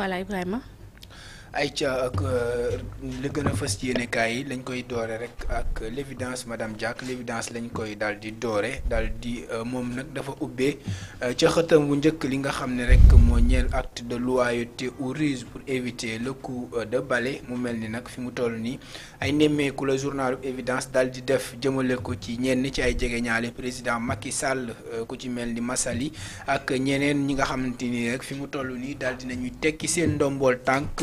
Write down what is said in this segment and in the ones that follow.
voilà Ibrahima ay ca ak euh, li gën a fës yéenekaay yi lañ koy doore rek ak l'évidence madame Diack l'évidence lañ koy daal di doore daal di euh, moom nag dafa ubbee euh, ca xëtam bu njëkk li nga xam ne rek moo ñeel acte de loyauté ou ruse pour éviter la coup de balai mu mel ni nag fi mu toll nii ay nemmeeku la journal évidence daal di def jëmale ko ci ñenn ci ay jegeñaale président Macky sàll ku ci mel ni Massali ak ñeneen ñi nga xamante ni rek fi mu toll nii daal dinañuy tekki seen ndombool tànk.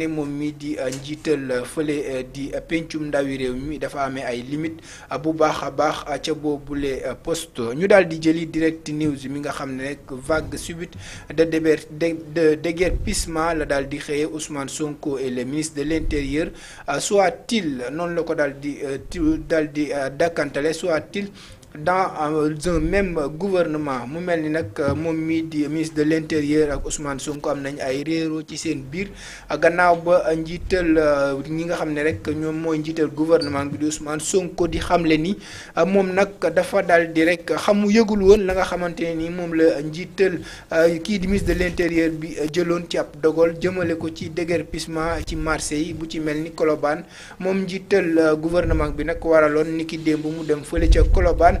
moom mi di uh, njiital uh, fële uh, di pencum ndawi réew mi dafa amee ay limite bu baax a baax ca boobule poste ñu daal di jëli direct news mi nga xam ne rek vague subite de déber de déguerpissement la daal di xëye Ousmane Sonko et le ministre de l'intérieur soit-il noonu la ko daal di daal di dakkantale soit-il dans euh, un même gouvernement mu mel ni nag euh, moom mii di ministre de l' intérieur ak Ousmane Sonko am nañ ay réeroo ci seen biir ah, gannaaw ba euh, njiital ñi nga xam ne rek ñoom mooy njiital gouvernement bi di Ousmane Sonko di xamle ah, moom nag dafa daal di rek xamu yëgul woon la nga xamante ne ni moom la njiital kii di ministre de l' bi jëloon ci ab dogal jëmale ko ci déguerpissement ci marché yi bu ci mel ni Colobane moom njiital gouvernement bi nag waraloon ni ki démb mu dem fële ca Colobane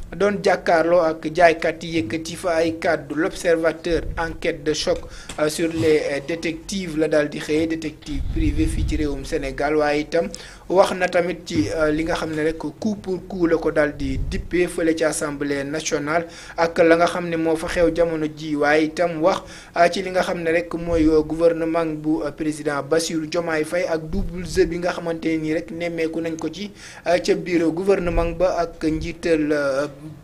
doon jàkkaarloo ak jaaykat yi yëkkati fa ay kàddu l'observateur enquête de choc euh, sur les euh, détectives la daal di xëyee détective privé fii ci réewum Sénégal waaye itam wax na tamit ci euh, li nga xam ne rek coup pour coup la ko daal di dippee fële ci assemblée nationale ak la nga xam ne moo fa xew jamono ji waaye itam wax ci li nga xam ne rek mooy gouvernement bu président Bassirou Diomaye fay ak double jeu bi nga xamante nii rek nemmeeku nañ ko ci ca biir gouvernement ba ak njiital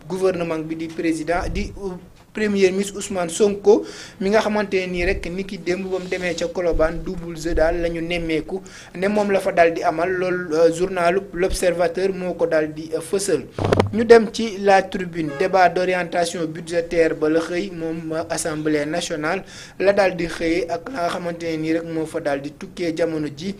gouvernement bi di président di euh, premier ministre Ousmane Sonko mi nga xamante nii rek ni ki démb ba mu demee ca Colobane double jeu daal la ñu nemmeeku ne moom la fa daal di amal loolu euh, journalu l'Observateur moo ko daal di euh, fësal ñu dem ci la tribune débat d'orientation budgétaire ba la xëy moom assemblée nationale la daal di xëyee ak la nga xamante ne nii rek moo fa daal di tukkee jamono ji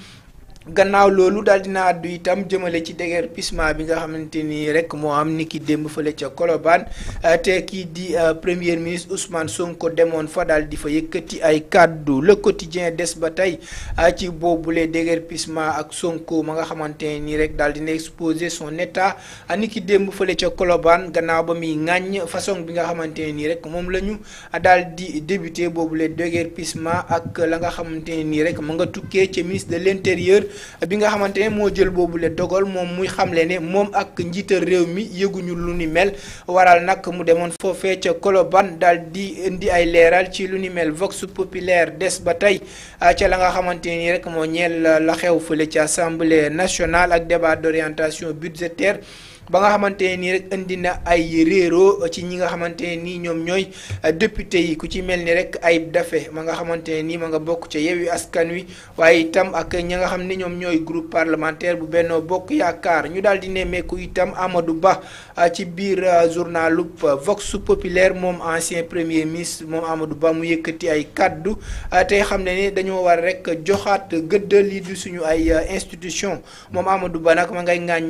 gannaaw loolu daal dina àddu itam jëmale ci déguerpissement bi nga xamante ni rek moo am ni ki démb fële ca Colobane euh, te kii di euh, premier ministre Ousmane Sonko demoon fa daal di fa yëkkati ay kàddu le quotidien des ba tey euh, ci boobule déguerpissement ak Sonko ma nga xamante ni rek daal dina exposer son état ni ki démb fële ca Colobane gannaaw ba muy façon bi nga xamante nii rek moom la ñu daal di débuté boobule déguerpissement ak la nga xamante nii rek ma nga tukkee ca ministre de l'intérieur bi nga xamante ne moo jël boobu le dogal moom muy xamle ne moom ak njiital réew mi yëguñu lu ni mel waral nag mu demoon foofee ca Colobane daal di indi ay leeral ci lu ni mel vox populaire des ba tey ah, ca la nga xamante ni rek moo ñeel la xew fële ci assemblée nationale ak débat d'orientation budgétaire ba nga xamante ne nii rek indi na ay réero ci ñi nga xamante ne nii ñoom ñooy euh, député yi ku ci mel ni rek ay Daffé ma nga xamante ne nii ma nga bokk ca Yewwi Askan Wi waaye itam ak ña nga xam ne ñoom ñooy groupe parlementaire bu Benno Bokk Yaakaar ñu daal di nemmeeku itam Amadou Ba euh, ci biir euh, journalu Vox Populaire moom ancien premier ministre moom Amadou Ba mu yëkkati ay kàddu tey xam ne ni dañoo war rek joxaat gëdd lii di suñu ay institution moom amadu Ba nag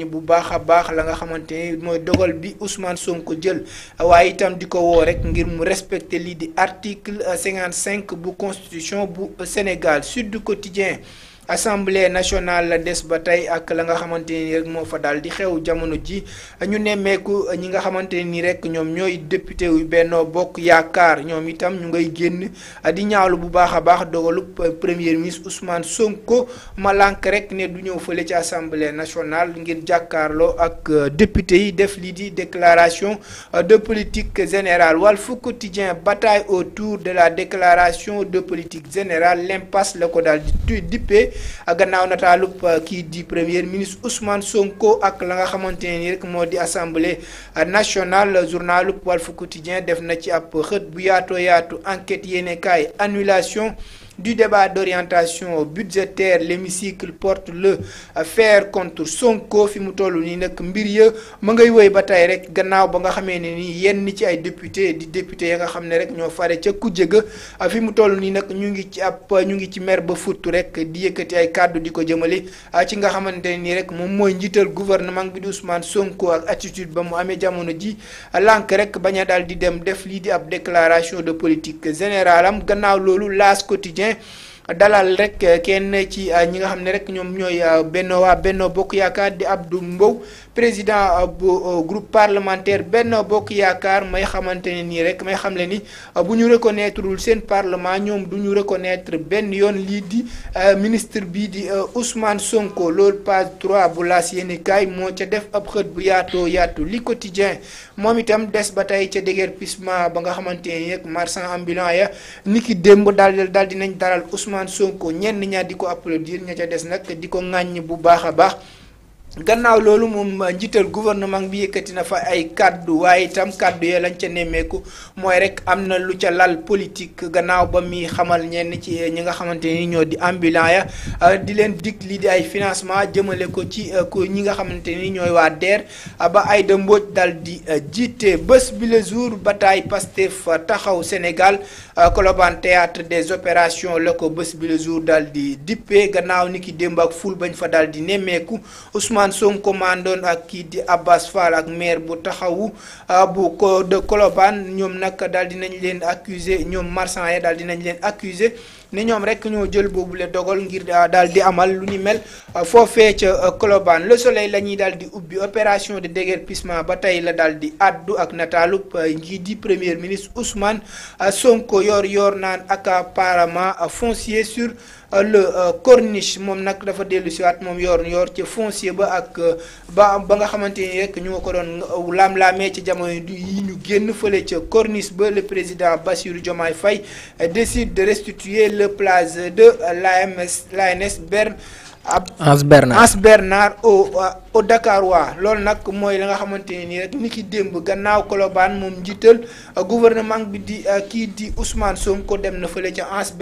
bu baax baax la xamante mooy dogal bi Ousmane ko jël waaye itam di ko woo rek ngir mu respecter lii di article cinquante cinq bu constitution bu Sénégal Sud Quotidien assemblée nationale la des ba tey ak la nga xamante ni rek moo fa daal di xew jamono ji ñu nemmeeku ñi nga xamante nii rek ñoom ñooy député yu Benno Bokk Yaakaar ñoom itam ñu ngay génn di ñaalu bu baax a baax dogalu premier ministre Ousmane Sonko ma lànk rek ne du ñëw fële ci assemblée nationale ngir jàkkaarloo ak député yi def lii di déclaration de politique générale Walf Quotidien bataille autour de la déclaration de politique générale l'impasse la ko daal di dippee gannaaw nataalub euh, kii di premier ministre Ousmane Sonko ak la nga xamante ne ni rek moo di assemblée nationale journalub Walf Quotidien def na ci ab xët bu yaatoo yaatu enquête yéene kaay annulation. du débat d'orientation budgétaire l'hémicycle porte le fair contre Sonko fi mu toll nii nag mbir yë ma ngay woy ba tey rek gannaaw ba nga xamee ne nii yenn ci ay député di député ya nga xam ne rek ñoo fare ca ku jëga fi mu toll nii nag ñu ngi ci ab ñu ngi ci mer ba futtu rek di yëkkati ay kàddu di ko jëmale ci nga xamante nii rek moom mooy njiital gouvernement bi di Ousmane Sonko ak attitude ba mu amee jamono ji lank rek bañ a daal di dem def lii di ab déclaration de politique générale am bien. dalal rek eh, kenn ci eh, ñi nga xam ne rek ñoom ñooy eh, Benno waa Benno Bokk Yaakaar di ab du Mbow président bu groupe parlementaire Benno Bokk Yaakaar may xamante ne nii rek may xam ne ni bu ñu reconnaîtreul seen parlement ñoom du ñu reconnaître benn yoon lii di ministre bi di Ousmane Sonko loolu page trois bu laas yéeni kaay moo ca def ab xët bu yaato yaatu li quotidien moom itam des ba tey ca déguerpissement ba nga xamante ni rek marchand ambulant ya niki démb daal daal dinañ dalal Ousmane Sonko ñenn ñaar di ko applaudir ña ca des nag di ko ŋàññ bu baax a baax gannaaw loolu moom njiital gouvernement bi yëkkati na fa ay kàddu waaye itam kàddu ya lañ ca nemmeeku mooy rek am na lu ca lal politique gannaaw ba muy xamal ñenn ci ñi nga xamante ni ñoo di ambulant ya euh, di leen dig lii ay financement jëmale ko ci euh, ko ñi nga xamante ni ñooy waa DER ba Aïda Mbodj dal di euh, jiite bés bi le jour bataille Pastef taxaw Sénégal Colobane théâtre des opérations la ko bés bi le jour dal di dippee gannaaw ni ki démb ak ful bañ fa dal di nemmeeku Ousmane Ousmane Sonko maandoon ak kii di Abbas Fall ak maire bu taxawu ah, bu ko de Colobane ñoom nag daal dinañ leen accuser ñoom marchand yi daal dinañ leen accuser ni ñoom rek ñoo jël boobu la dogal ngir daal di amal lu ni mel euh, foofee ca euh, Colobane le soleil la ñuy daal di ubbi opération de déguerpissement ba tey la daal di addu ak nataalub euh, ngi di premier ministre Ousmane Sonko yor yor naan ak accaparement foncier sur le corniche moom nag dafa dellu siwaat moom yor yor ca foncier ba ak ba ba nga xamante ni rek ñu nga ko doon laam-laamee ci jamono yi ñu génn fële ca corniche ba le président Bassirou Diomaye Faye décide de restituer le plage de la l'ANS Berne ab Anse Bernard Anse Bernard au euh, au Dakar waa loolu nag mooy la nga xamante ne nii rek ni ki démb gannaaw kolobaan moom njiital euh, gouvernement bi di euh, kii di Ousmane Sonko dem na fële ca Anse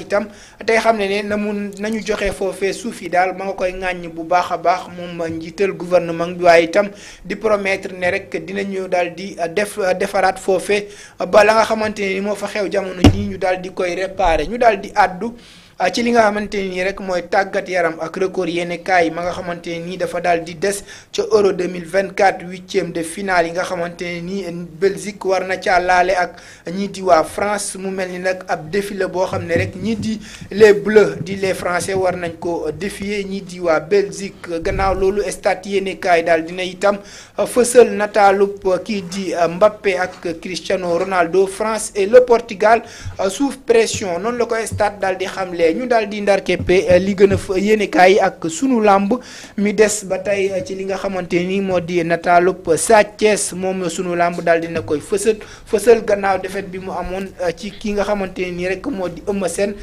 itam tey xam ne ne na mu nañu joxe foofee suuf daal ma nga koy ŋàññ bu baax a baax moom njiital gouvernement bi waaye itam di promettre ne rek dina dinañu daal di def defaraat foofe ba la nga xamante ne ni moo fa xew jamono jii ñu daal di koy réparer ñu daal di àddu. Ah, ci li nga xamante ne nii rek mooy tàggat yaram ak record yenn kaay ma nga xamante ne nii dafa daal di des ca euro 2024 huitième de finale yi nga xamante ne nii Belgique war na caa laale ak ñii di waa France mu mel ni nag ab défi la boo xam ne rek ñii di les bleus di les français war nañ ko defie ñii di waa Belgique gannaaw loolu stade yenn kaay daal dina itam fësal nataalu kii di Mbappé ak Cristiano Ronaldo France et le Portugal sous pression noonu la ko stade daal loolee ñu daal di ndar keppe eh, li gën a yéenekaay ak sunu làmb mi des ba tey eh, ci li nga xamante ni moo di nataalub Sa Thiès moom sunu làmb daal di na koy fësal fësal gannaaw defet bi mu amoon eh, ci ki nga xamante nii rek moo di Eumeu seen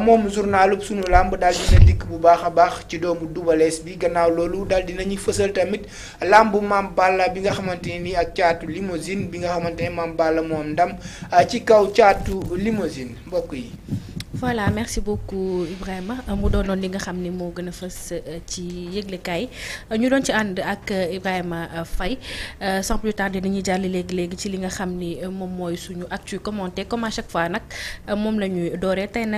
moom journalub sunu làmb daal dina dikk bu baax a baax ci doomu dubalees bi gannaaw loolu daal dinañuy fësal tamit làmb Maam Balla bi nga xamante nii ak caatu limousine bi nga xamante ni Maam Balla moom ndam ci kaw caatu limousine mbokk yi voilà merci beaucoup Ibrahima mu doonoon li nga xam ni moo gën a fës euh, ci yëglekaay ñu doon ci ànd ak euh, Ibrahima euh, Faye sans plus tarder dañuy jàll léegi léegi ci li nga xam ni moom mooy suñu actu commenté comme à chaque fois nag moom la ñuy dooree tey nag.